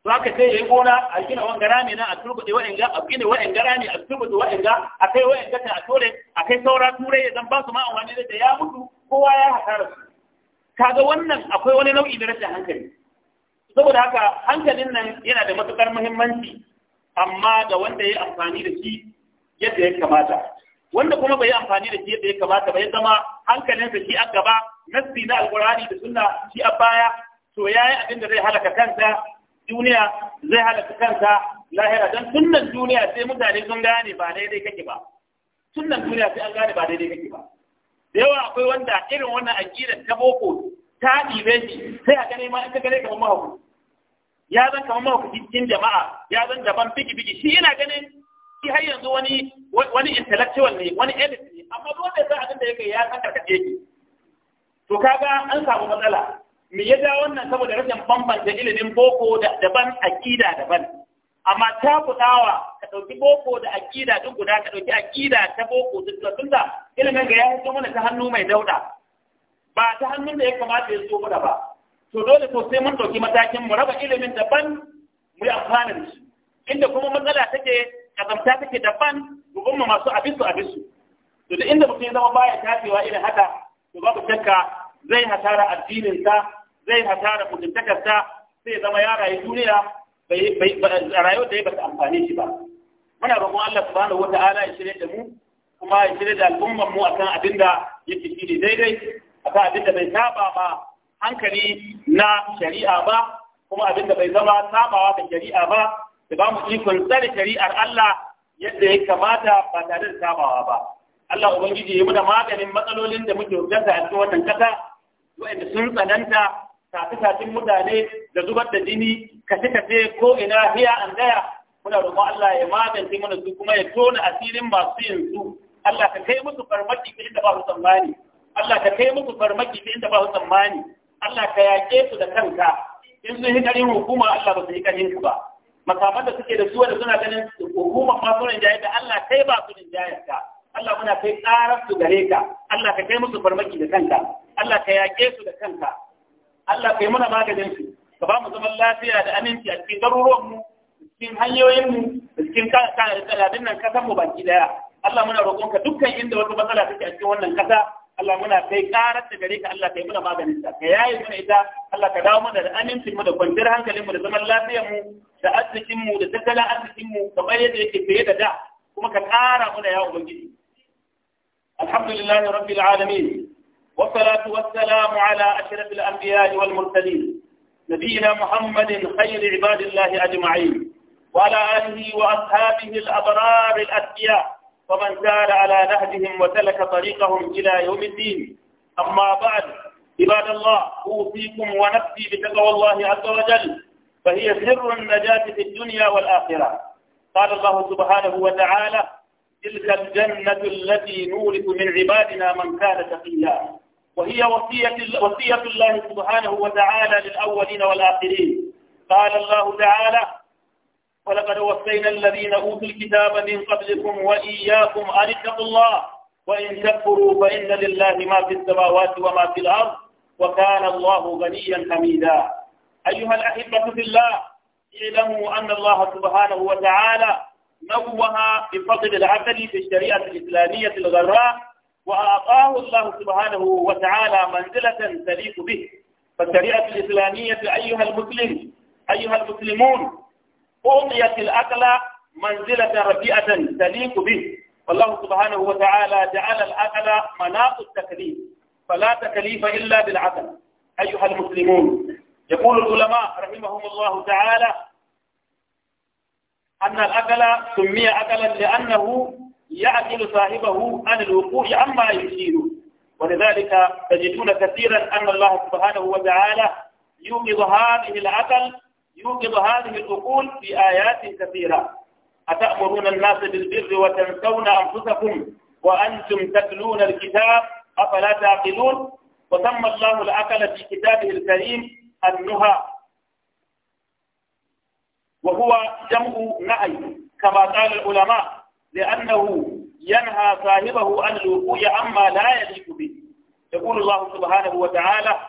za ka ya yi gona a gina wanga rami na a turbuɗe wa'anga a gina gara rami a turbuɗe wa'anga a kai wa'anga gata a tore a kai saura turai ya zan ba su ma'an da ya mutu kowa ya hasara su kaga wannan akwai wani nau'i na rashin hankali saboda haka hankalin nan yana da matukar muhimmanci amma ga wanda ya amfani da shi yadda ya kamata wanda kuma bai yi amfani da shi yadda ya kamata ba ya zama hankalinsa shi a gaba nassi na alkurani da sunna shi a baya to ya yi abin da zai halaka kansa duniya zai halaka kansa lahira don sunan duniya sai mutane sun gane ba daidai kake ba sunan duniya sai an gane ba daidai kake ba da yawa akwai wanda irin wannan aƙidar ta boko ta ɗibe shi sai a gane ma ita gane kamar mahaukaci ya zan kamar mahaukaci cikin jama'a ya zan daban biki-biki. shi ina ganin shi har yanzu wani wani intellectual ne wani elite ne amma dole sai abin da yake ya san karkace ki to kaga an samu matsala me ya ja wannan saboda rashin bambanta ilimin boko daban akida daban amma ta kudawa ka ɗauki boko da akida duk guda ka ɗauki akida ta boko duk da tunda ilimin ga ya hito mana ta hannu mai dauda ba ta hannun da ya kamata ya zo mana ba to dole to sai mun dauki matakin mu raba ilimin daban mu yi amfani da shi inda kuma matsala take kazamta take daban mu masu abisu abisu to da inda mutum ya zama baya tafiwa irin haka to babu shakka zai hasara addininsa zai hasara mutuntakarsa sai zama ya rayu duniya rayuwar da ya bata amfani shi ba muna roƙon Allah subhanahu wata'ala ya shirye da mu kuma ya shirye da al'ummar mu akan abin da yake shi daidai akan abin da bai saba ba hankali na shari'a ba kuma abin da bai zama sabawa da shari'a ba da ba mu ikon tsare shari'ar Allah yadda ya kamata ba tare da sabawa ba Allah ubangiji ya da maganin matsalolin da muke hukunta a cikin wannan kasa wa'anda sun tsananta tafi-tafin mutane da zubar da jini kace-kace ko ina hiya an gaya muna roƙon Allah ya magance mana su kuma ya tona asirin masu yin su Allah ka kai musu farmaki ta inda ba su tsammani Allah ka kai musu farmaki ta inda ba su tsammani Allah ka yaƙe su da kanka in sun hikarin hukuma Allah ba su yi hikarin ba makaman da suke da su wanda suna ganin hukuma, ma su rinjaye da Allah kai ba su rinjayar ka Allah muna kai ƙarar su gare ka Allah ka kai musu farmaki da kanka Allah ka yaƙe su da kanka Allah kai mana maganin su ka ba mu zaman lafiya da aminci a cikin garuruwan mu cikin hanyoyin mu cikin kaladin nan kasar mu baki daya Allah muna ka dukkan inda wata matsala take a cikin wannan kasa Allah muna kai karar da gare ka Allah kai muna maganin ta ka yayi mana ita Allah ka dawo mana da amincin mu da kwanciyar hankalin mu da zaman lafiyar mu da arzikin mu da tattalin arzikin mu kamar yadda yake fiye da da kuma ka ƙara mana ya ubangiji alhamdulillahi rabbil alamin والصلاة والسلام على أشرف الأنبياء والمرسلين نبينا محمد خير عباد الله أجمعين وعلى آله وأصحابه الأبرار الأتقياء ومن سار على نهجهم وسلك طريقهم إلى يوم الدين أما بعد عباد الله أوصيكم ونفسي بتقوى الله عز وجل فهي سر النجاة في الدنيا والآخرة قال الله سبحانه وتعالى تلك الجنة التي نورث من عبادنا من كان تقيا وهي وصية وصية الله سبحانه وتعالى للأولين والآخرين قال الله تعالى ولقد وصينا الذين أوتوا الكتاب من قبلكم وإياكم أن اتقوا الله وإن تكفروا فإن لله ما في السماوات وما في الأرض وكان الله غنيا حميدا أيها الأحبة في الله اعلموا أن الله سبحانه وتعالى نوه بفضل العدل في الشريعة الإسلامية الغراء وأعطاه الله سبحانه وتعالى منزلة تليق به فالشريعة الإسلامية أيها المسلم أيها المسلمون أعطيت الأكل منزلة رفيئة تليق به والله سبحانه وتعالى جعل الأكل مناط التكليف فلا تكليف إلا بالعقل أيها المسلمون يقول العلماء رحمهم الله تعالى أن الأكل سمي أكلا لأنه يعدل صاحبه عن الوقوع عما يشير ولذلك تجدون كثيرا أن الله سبحانه وتعالى يوقظ هذه العقل يوقظ هذه العقول في آيات كثيرة أتأمرون الناس بالبر وتنسون أنفسكم وأنتم تتلون الكتاب أفلا تعقلون وسمى الله العقل في كتابه الكريم النهى وهو جمع نهي كما قال العلماء لأنه ينهى صاحبه عن الوقوع عما لا يليق به يقول الله سبحانه وتعالى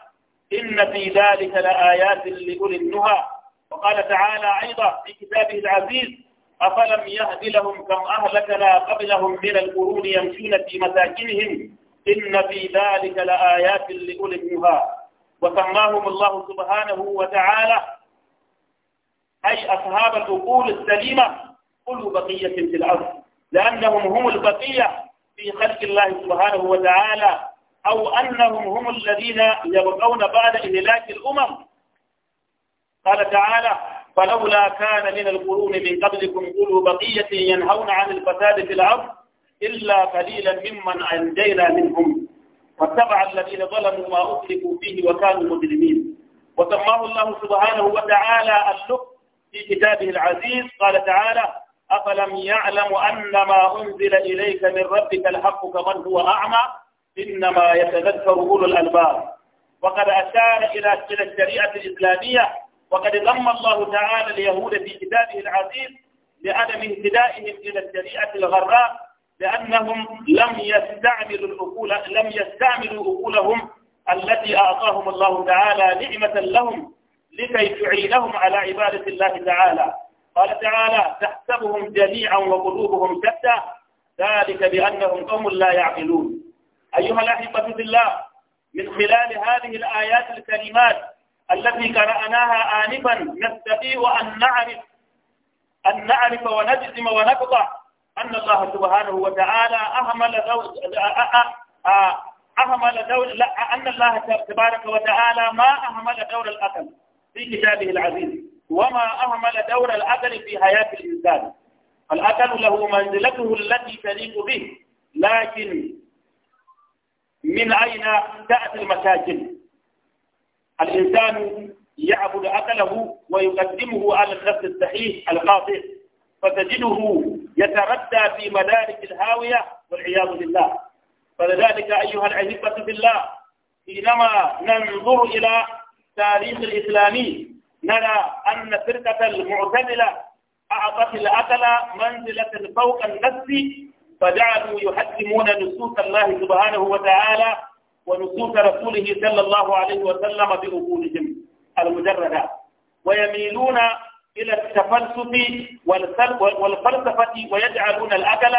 إن في ذلك لآيات لأولي النهى وقال تعالى أيضا في كتابه العزيز أفلم يهد لهم كم أهلكنا قبلهم من القرون يمشون في مساكنهم إن في ذلك لآيات لأولي النهى وسماهم الله سبحانه وتعالى أي أصحاب العقول السليمة كل بقية في الأرض لأنهم هم البقية في خلق الله سبحانه وتعالى أو أنهم هم الذين يبقون بعد إهلاك الأمم قال تعالى فلولا كان من القرون من قبلكم أولو بقية ينهون عن الفساد في الأرض إلا قليلا ممن أنجينا منهم واتبع الذين ظلموا ما أهلكوا فيه وكانوا مجرمين وسماه الله سبحانه وتعالى اللب في كتابه العزيز قال تعالى أفلم يعلم أن ما أنزل إليك من ربك الحق كمن هو أعمى إنما يتذكر أولو الألباب وقد أشار إلى إلى الشريعة الإسلامية وقد ذم الله تعالى اليهود في كتابه العزيز لعدم اهتدائهم إلى الشريعة الغراء لأنهم لم يستعملوا العقول لم يستعملوا عقولهم التي أعطاهم الله تعالى نعمة لهم لكي تعينهم على عبادة الله تعالى قال تعالى تحسبهم جميعا وقلوبهم شتى ذلك بأنهم قوم لا يعقلون أيها الأحبة في الله من خلال هذه الآيات الكريمات التي قرأناها آنفا نستطيع أن نعرف أن نعرف ونجزم ونقطع أن الله سبحانه وتعالى أهمل أهمل دور لا أن الله تبارك وتعالى ما أهمل دور الاكل في كتابه العزيز وما أهمل دور العقل في حياة الإنسان العقل له منزلته التي تليق به لكن من أين تأتي المساجد الإنسان يعبد عقله ويقدمه على النفس الصحيح القاطع فتجده يتردى في مدارك الهاوية والعياذ بالله فلذلك أيها الأحبة بالله حينما ننظر إلى تاريخ الإسلامي نرى أن فرقة المعتزلة أعطت الأكل منزلة فوق النفس فجعلوا يحكمون نصوص الله سبحانه وتعالى ونصوص رسوله صلى الله عليه وسلم بأقولهم المجردة ويميلون إلى التفلسف والفلسفة ويجعلون الأكل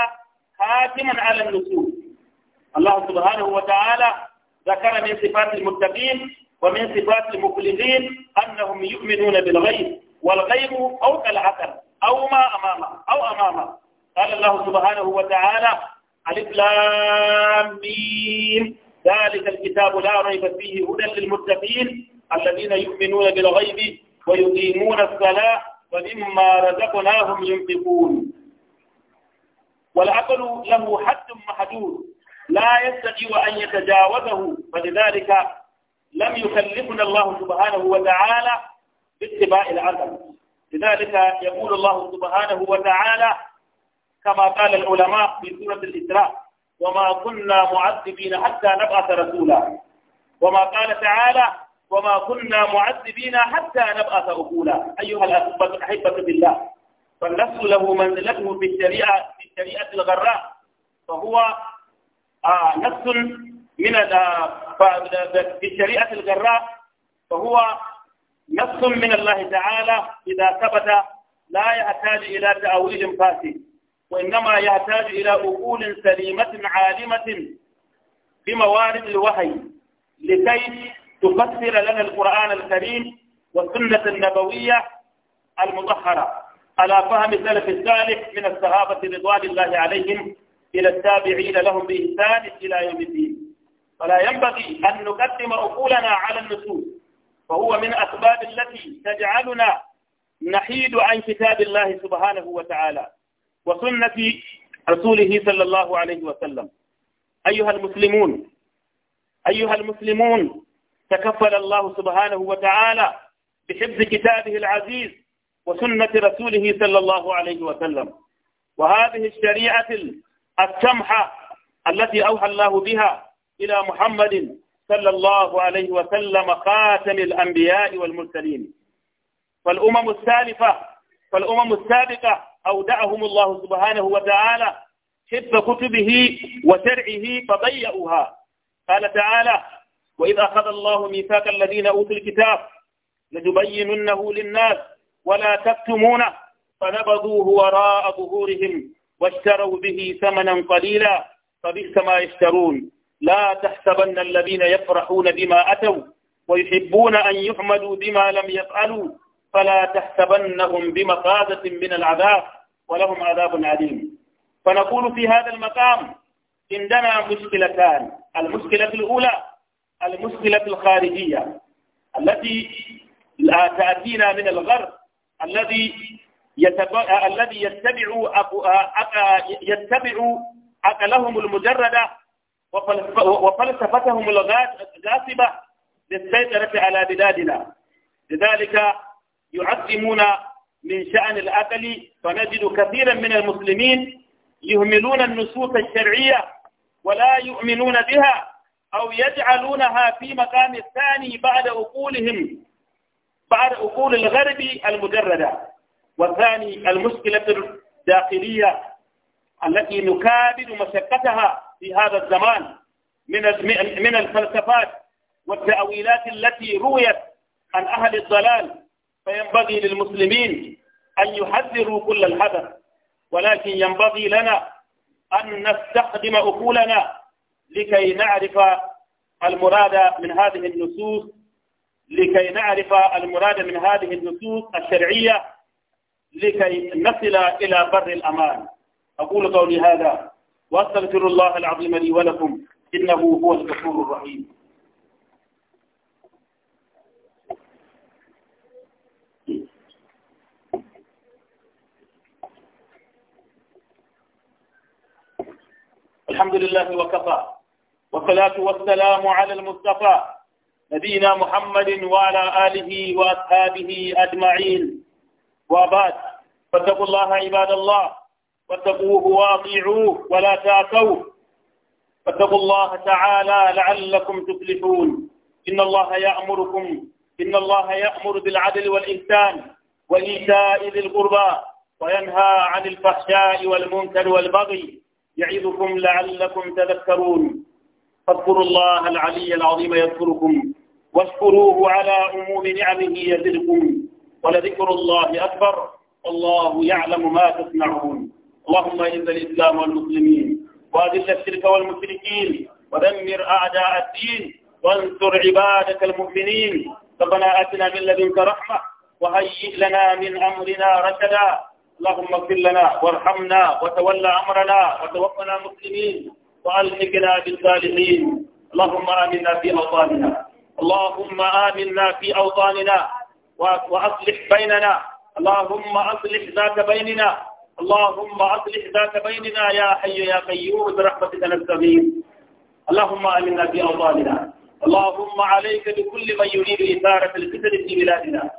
حاكما على النصوص الله سبحانه وتعالى ذكر من صفات المتقين ومن صفات المخلصين أنهم يؤمنون بالغيب والغيب فوق العقل أو ما أمامه أو أمامه قال الله سبحانه وتعالى ألف لام ذلك الكتاب لا ريب فيه هدى للمتقين الذين يؤمنون بالغيب ويقيمون الصلاة ومما رزقناهم ينفقون والعقل له حد محدود لا يستطيع أن يتجاوزه فلذلك لم يكلفنا الله سبحانه وتعالى باتباع العقل لذلك يقول الله سبحانه وتعالى كما قال العلماء في سورة الإسراء وما كنا معذبين حتى نبعث رسولا وما قال تعالى وما كنا معذبين حتى نبعث رسولا أيها الأحبة الأحبة بالله فالنفس له منزلته في الشريعة في الشريعة الغراء فهو آه نفس من الشريعة الغراء فهو نص من الله تعالى إذا ثبت لا يحتاج إلى تأويل فاسد وإنما يحتاج إلى أقول سليمة عالمة بموارد الوحي لكي تفسر لنا القرآن الكريم والسنة النبوية المطهرة على فهم سلف السالف من الصحابة رضوان الله عليهم إلى التابعين لهم بإحسان إلى يوم الدين فلا ينبغي أن نقدم عقولنا على النصوص فهو من أسباب التي تجعلنا نحيد عن كتاب الله سبحانه وتعالى وسنة رسوله صلى الله عليه وسلم أيها المسلمون أيها المسلمون تكفل الله سبحانه وتعالى بحفظ كتابه العزيز وسنة رسوله صلى الله عليه وسلم وهذه الشريعة السمحة التي أوحى الله بها إلى محمد صلى الله عليه وسلم خاتم الأنبياء والمرسلين فالأمم السالفة فالأمم السابقة أودعهم الله سبحانه وتعالى حفظ كتبه وشرعه فضيئوها قال تعالى وإذا أخذ الله ميثاق الذين أوتوا الكتاب لتبيننه للناس ولا تكتمونه فنبذوه وراء ظهورهم واشتروا به ثمنا قليلا فبئس ما يشترون لا تحسبن الذين يفرحون بما أتوا ويحبون أن يحمدوا بما لم يفعلوا فلا تحسبنهم بمفازة من العذاب ولهم عذاب عليم فنقول في هذا المقام عندنا مشكلتان المشكلة الأولى المشكلة الخارجية التي لا تأتينا من الغرب الذي يتبع الذي يتبع يتبع عقلهم المجردة وفلسفتهم الغاصبة للسيطرة على بلادنا لذلك يعظمون من شأن الأكل فنجد كثيرا من المسلمين يهملون النصوص الشرعية ولا يؤمنون بها أو يجعلونها في مقام الثاني بعد أقولهم بعد أقول الغرب المجردة والثاني المشكلة الداخلية التي نكابد مشقتها في هذا الزمان من من الفلسفات والتأويلات التي رويت عن أهل الضلال فينبغي للمسلمين أن يحذروا كل الحذر ولكن ينبغي لنا أن نستخدم أقولنا لكي نعرف المراد من هذه النصوص لكي نعرف المراد من هذه النصوص الشرعية لكي نصل إلى بر الأمان أقول قولي هذا وأستغفر الله العظيم لي ولكم إنه هو الغفور الرحيم الحمد لله وكفى والصلاة والسلام على المصطفى نبينا محمد وعلى آله وأصحابه أجمعين وبعد فاتقوا الله عباد الله واتقوه واطيعوه ولا تعتوه فاتقوا الله تعالى لعلكم تفلحون إن الله يأمركم إن الله يأمر بالعدل والإحسان وإيتاء ذي القربى وينهى عن الفحشاء والمنكر والبغي يعظكم لعلكم تذكرون فاذكروا الله العلي العظيم يذكركم واشكروه على أمور نعمه يزدكم ولذكر الله أكبر الله يعلم ما تصنعون اللهم إذا الإسلام والمسلمين وأذل الشرك والمشركين ودمر أعداء الدين وانصر عبادك المؤمنين ربنا آتنا من لدنك رحمة وهيئ لنا من أمرنا رشدا اللهم اغفر لنا وارحمنا وتول أمرنا وتوفنا مسلمين وألحقنا بالصالحين اللهم آمنا في أوطاننا اللهم آمنا في أوطاننا وأصلح بيننا اللهم أصلح ذات بيننا اللهم أصلح ذات بيننا يا حي يا قيوم برحمتك نستغيث اللهم آمنا في أوطاننا اللهم عليك بكل من يريد إثارة الفتن في بلادنا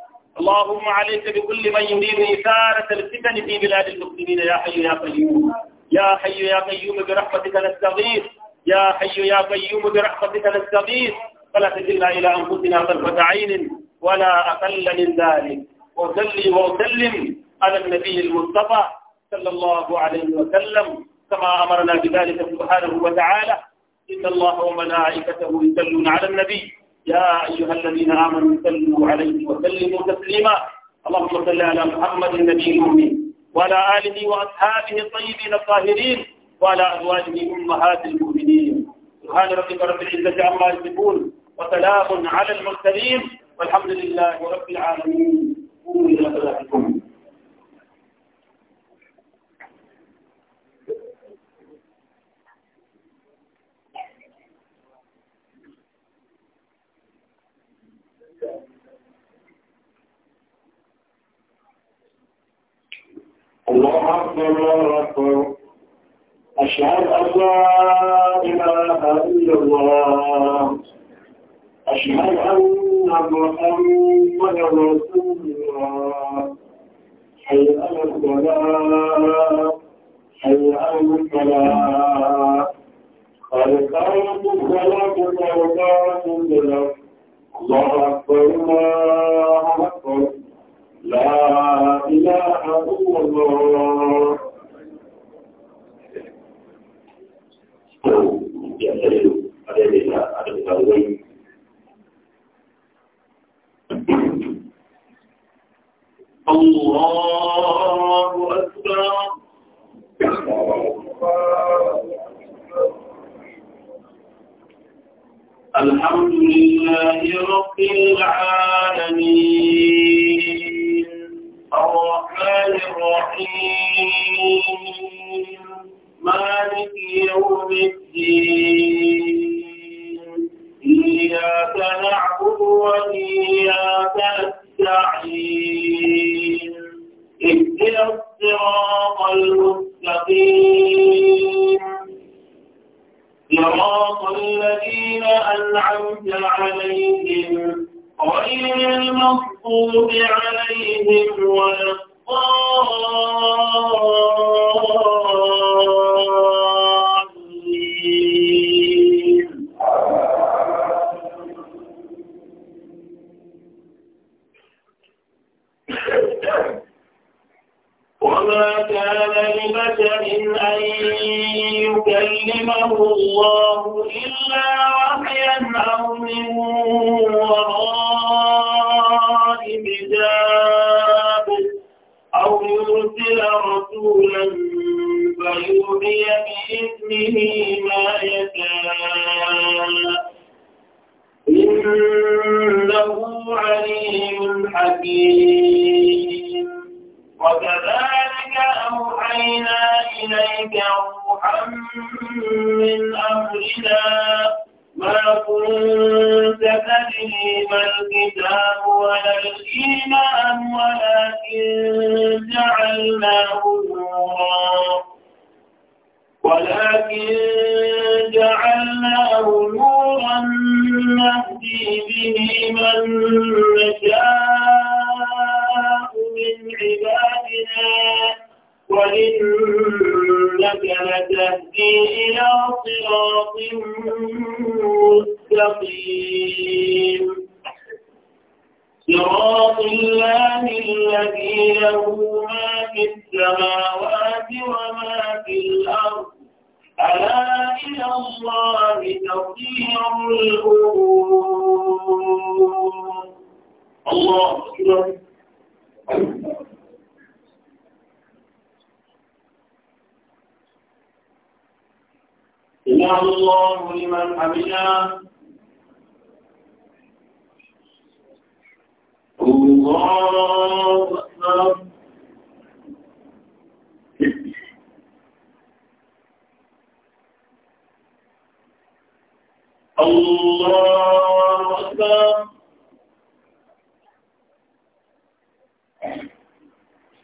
اللهم عليك بكل من يريد إثارة الفتن في بلاد المسلمين يا حي يا قيوم يا حي يا قيوم برحمتك نستغيث يا حي يا قيوم برحمتك نستغيث فلا تجلنا إلى أنفسنا طرفة عين ولا أقل من ذلك وسلم وسلم على النبي المصطفى صلى الله عليه وسلم كما أمرنا بذلك سبحانه وتعالى إن الله وملائكته يصلون على النبي يا أيها الذين آمنوا صلوا عليه وسلموا تسليما اللهم صل على محمد النبي المؤمن وعلى آله وأصحابه الطيبين الطاهرين وعلى أزواجه أمهات المؤمنين سبحان ربك رب العزة عما يصفون وسلام على المرسلين والحمد لله رب العالمين قولوا إلى صلاتكم الله أكبر الله أكبر أشهد أن لا إله إلا الله أشهد أن محمدا رسول الله حي على الصلاة حي على الصلاة قد قامت الصلاة وقامت الله الله أكبر الله أكبر شاء الله به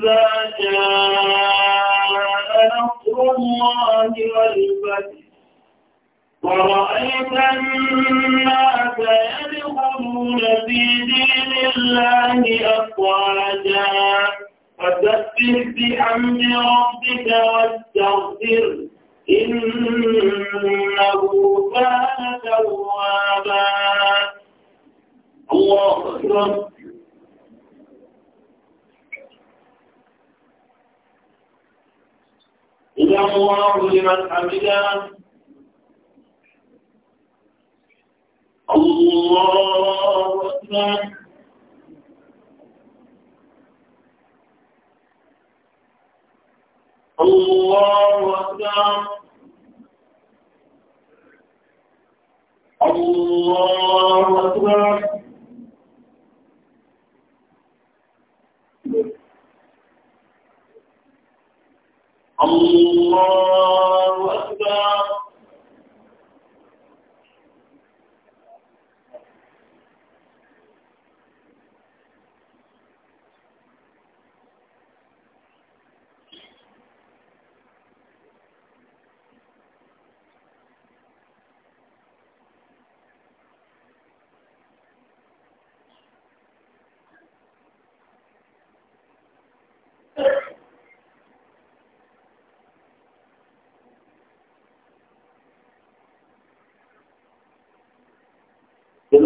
إذا جاء نصر الله والفتح ورأيت الناس يدخلون في دين الله أفواجا فسبح بحمد ربك واستغفر إنه كان توابا الله أكبر سمي الله لمن حمده الله أكبر الله أكبر الله أكبر الله أكبر